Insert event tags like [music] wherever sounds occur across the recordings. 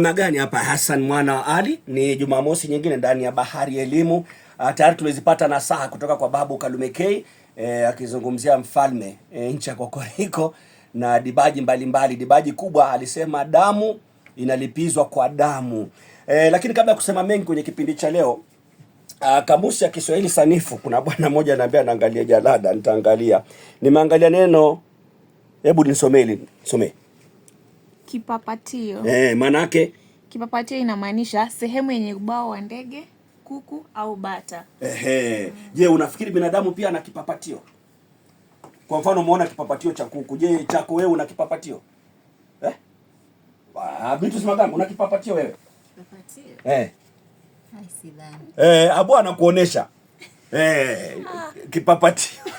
na gani hapa? Hassan mwana wa Ali, ni Jumamosi nyingine ndani ya Bahari ya Elimu. Ah, tayari tumezipata nasaha kutoka kwa Babu Kalume K eh, akizungumzia mfalme eh, nchi ya kokoriko na dibaji mbalimbali mbali. Dibaji kubwa alisema damu inalipizwa kwa damu eh, lakini kabla ya kusema mengi kwenye kipindi cha leo Uh, kamusi ya Kiswahili sanifu, kuna bwana mmoja anaambia anaangalia jalada, nitaangalia nimeangalia neno, hebu nisomee, nisomee Kipapatio. Eh, maana yake kipapatio inamaanisha sehemu yenye ubao wa ndege, kuku au bata. Ehe. Mm. Je, unafikiri binadamu pia ana kipapatio? Kwa mfano umeona kipapatio cha kuku. Je, chako wewe una kipapatio? Eh? Vitu ah, simagamba una kipapatio wewe? Kipapatio. Eh. Haisi sidhani. Eh, abu anakuonesha. Eh, ah. kipapatio.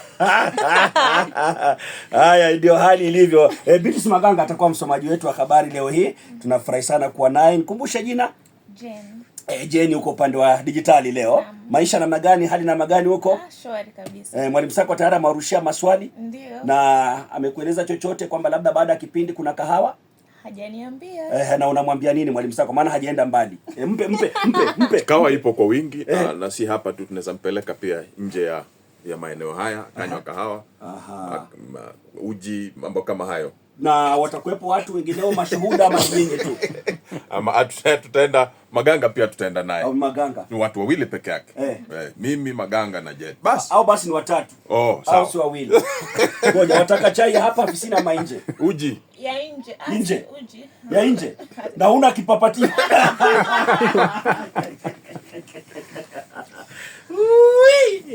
Haya ndio hali ilivyo. E, eh, Beatrice Maganga atakuwa msomaji wetu wa habari leo hii. Tunafurahi sana kuwa naye. Nikumbusha jina Jen. E, Jen upande wa dijitali leo. Naam. Maisha namna gani, hali namna gani huko? Ah, kabisa. E, mwalimu Sako tayari amewarushia maswali. Ndio. Na amekueleza chochote kwamba labda baada ya kipindi kuna kahawa? Hajaniambia. Eh, na unamwambia nini mwalimu Sako maana hajaenda mbali. E, mpe mpe mpe mpe. [laughs] kawa ipo kwa wingi e. Na si hapa tu tunaweza mpeleka pia nje ya ya maeneo haya, kanywa kahawa, Aha. uji, mambo kama hayo, na watakuwepo watu wengineo mashuhuda ama nyinyi tu [laughs] ama ah, tutaenda Maganga pia tutaenda naye. Au Maganga. Ni watu wawili peke yake. Eh. Eh, mimi Maganga na Jet. basi Au basi ni watatu. Oh, sawa. si wawili. [laughs] Ngoja wataka chai hapa ofisini ama nje? Uji. Ya nje. Ah, nje. Uji. Ya nje. [laughs] Na una kipapatia.